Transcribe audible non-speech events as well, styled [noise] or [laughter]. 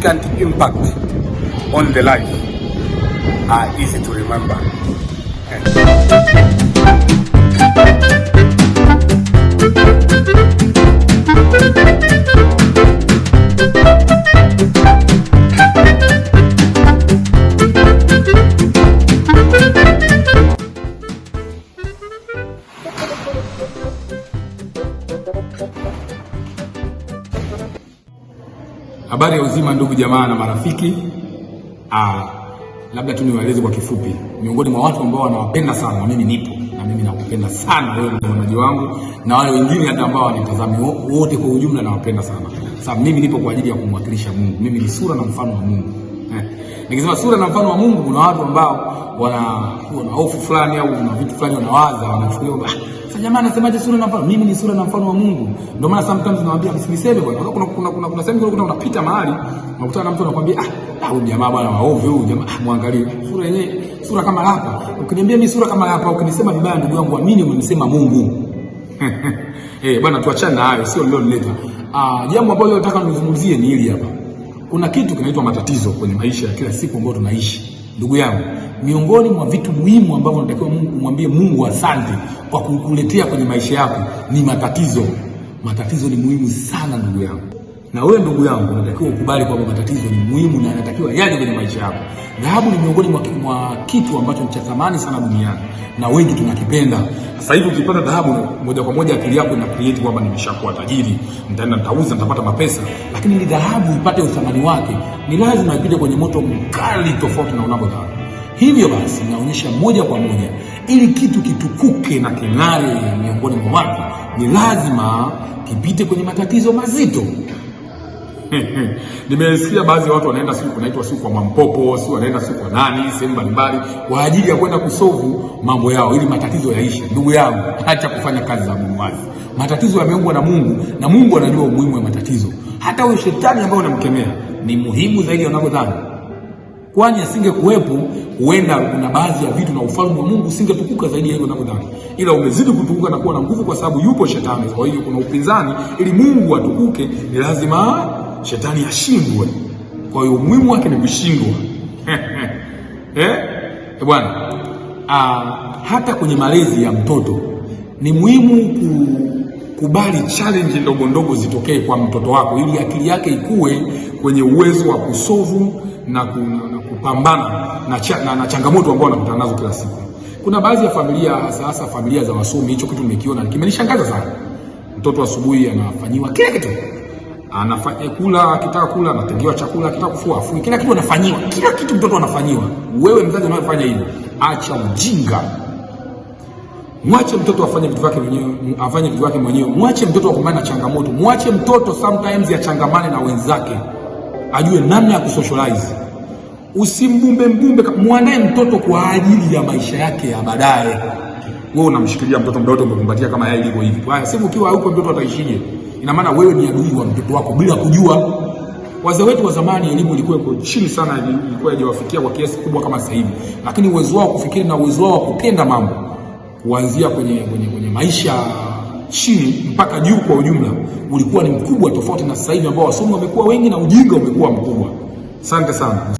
significant impact on the life are easy to remember. Habari ya uzima, ndugu jamaa na marafiki. Ah, labda tu niwaeleze kwa kifupi, miongoni mwa watu ambao wanawapenda sana na mimi nipo na mimi nakupenda sana wewe mtazamaji wangu na wale wengine hata ambao wanitazami wote kwa ujumla, nawapenda sana. Sasa mimi nipo kwa ajili ya kumwakilisha Mungu. Mimi ni sura na mfano wa Mungu. [laughs] Nikisema sura na mfano wa Mungu, kuna watu ambao wanakuwa na hofu fulani au na vitu fulani wanawaza, wanachukulia kwamba ah, sasa jamaa anasemaje sura na mfano? Mimi ni sura na mfano wa Mungu. Ndio maana sometimes nawaambia msiniseme bwana. Kuna kuna kuna kuna sehemu kuna unapita mahali, unakutana na mtu anakuambia ah, ah huyu jamaa bwana waovu huyu jamaa, ah, muangalie. Sura yenyewe sura kama lapa. Ukiniambia mimi sura kama lapa, ukinisema vibaya ndugu yangu, amini umemsema Mungu. [laughs] Eh, bwana tuachane na hayo, sio leo nileta. Ah, jambo ambalo nataka nizungumzie ni hili hapa. Kuna kitu kinaitwa matatizo kwenye maisha ya kila siku ambayo tunaishi. Ndugu yangu, miongoni mwa vitu muhimu ambavyo unatakiwa Mungu umwambie Mungu asante kwa kukuletea kwenye maisha yako ni matatizo. Matatizo ni muhimu sana ndugu yangu. Na wewe ndugu yangu, unatakiwa ukubali kwamba matatizo ni muhimu na yanatakiwa yaje kwenye maisha yako. Dhahabu ni miongoni mwa kitu ambacho ni cha thamani sana duniani na wengi tunakipenda. Sasa hivi ukipata dhahabu, moja kwa moja akili yako ina create kwamba nimeshakuwa tajiri, nitaenda nitauza, nitapata mapesa. Lakini ni dhahabu ipate uthamani wake, ni lazima ipite kwenye moto mkali, tofauti na unavyodhani. Hivyo basi, naonyesha moja kwa moja, ili kitu kitukuke na king'are miongoni mwa watu, ni lazima kipite kwenye matatizo mazito. [laughs] Nimesikia baadhi ya watu wanaenda siku kunaitwa siku kwa mampopo, siku wanaenda siku kwa nani, sehemu mbalimbali kwa ajili ya kwenda kusovu mambo yao ili matatizo yaishe. Ndugu yangu, acha kufanya kazi za mumwazi. Matatizo yameumbwa na Mungu na Mungu anajua umuhimu wa matatizo. Hata huyo shetani ambaye unamkemea ni muhimu zaidi unavyodhani, kwani asingekuwepo huenda kuna baadhi ya vitu na ufalme wa Mungu usingetukuka zaidi ya hivyo unavyodhani, ila umezidi kutukuka na kuwa na nguvu, kwa sababu yupo shetani. Kwa hiyo kuna upinzani, ili Mungu atukuke ni lazima shetani ashindwe. Kwa hiyo umuhimu wake ni kushindwa [laughs] eh? eh? Bwana, ah, hata kwenye malezi ya mtoto ni muhimu kukubali challenge ndogo ndogo zitokee kwa mtoto wako, ili akili yake ikue kwenye uwezo wa kusovu na kupambana na, cha, na, na changamoto ambazo anakutana nazo kila siku. Kuna baadhi ya familia hasa hasa familia za wasomi, hicho kitu nimekiona kimenishangaza sana. Mtoto asubuhi anafanyiwa kila kitu anafanya kula, akitaka kula anatengewa chakula, akitaka kufua afui, kila kitu anafanyiwa, kila kitu mtoto anafanyiwa. Wewe mzazi unayefanya hivyo, acha ujinga, mwache mtoto afanye vitu vyake mwenyewe, afanye vitu vyake mwenyewe, mwache mtoto akumbane na changamoto, mwache mtoto sometimes achangamane na wenzake, ajue namna ya kusocialize. mbumbe, mwandae mtoto kwa ajili ya maisha yake ya baadaye wewe unamshikilia mtoto mdogo umekumbatia kama yai liko hivi. Haya, siku ukiwa huko mtoto ataishije? Ina maana wewe ni adui wa mtoto wako bila kujua. Wazee wetu wa zamani elimu ilikuwa iko chini sana, ilikuwa haijawafikia kwa kiasi kubwa kama sasa hivi, lakini uwezo wao kufikiri na uwezo wao kutenda mambo kuanzia kwenye, kwenye, kwenye maisha chini mpaka juu kwa ujumla ulikuwa ni mkubwa, tofauti na sasa hivi ambao wasomi wamekuwa wengi na ujinga umekuwa mkubwa. Asante sana.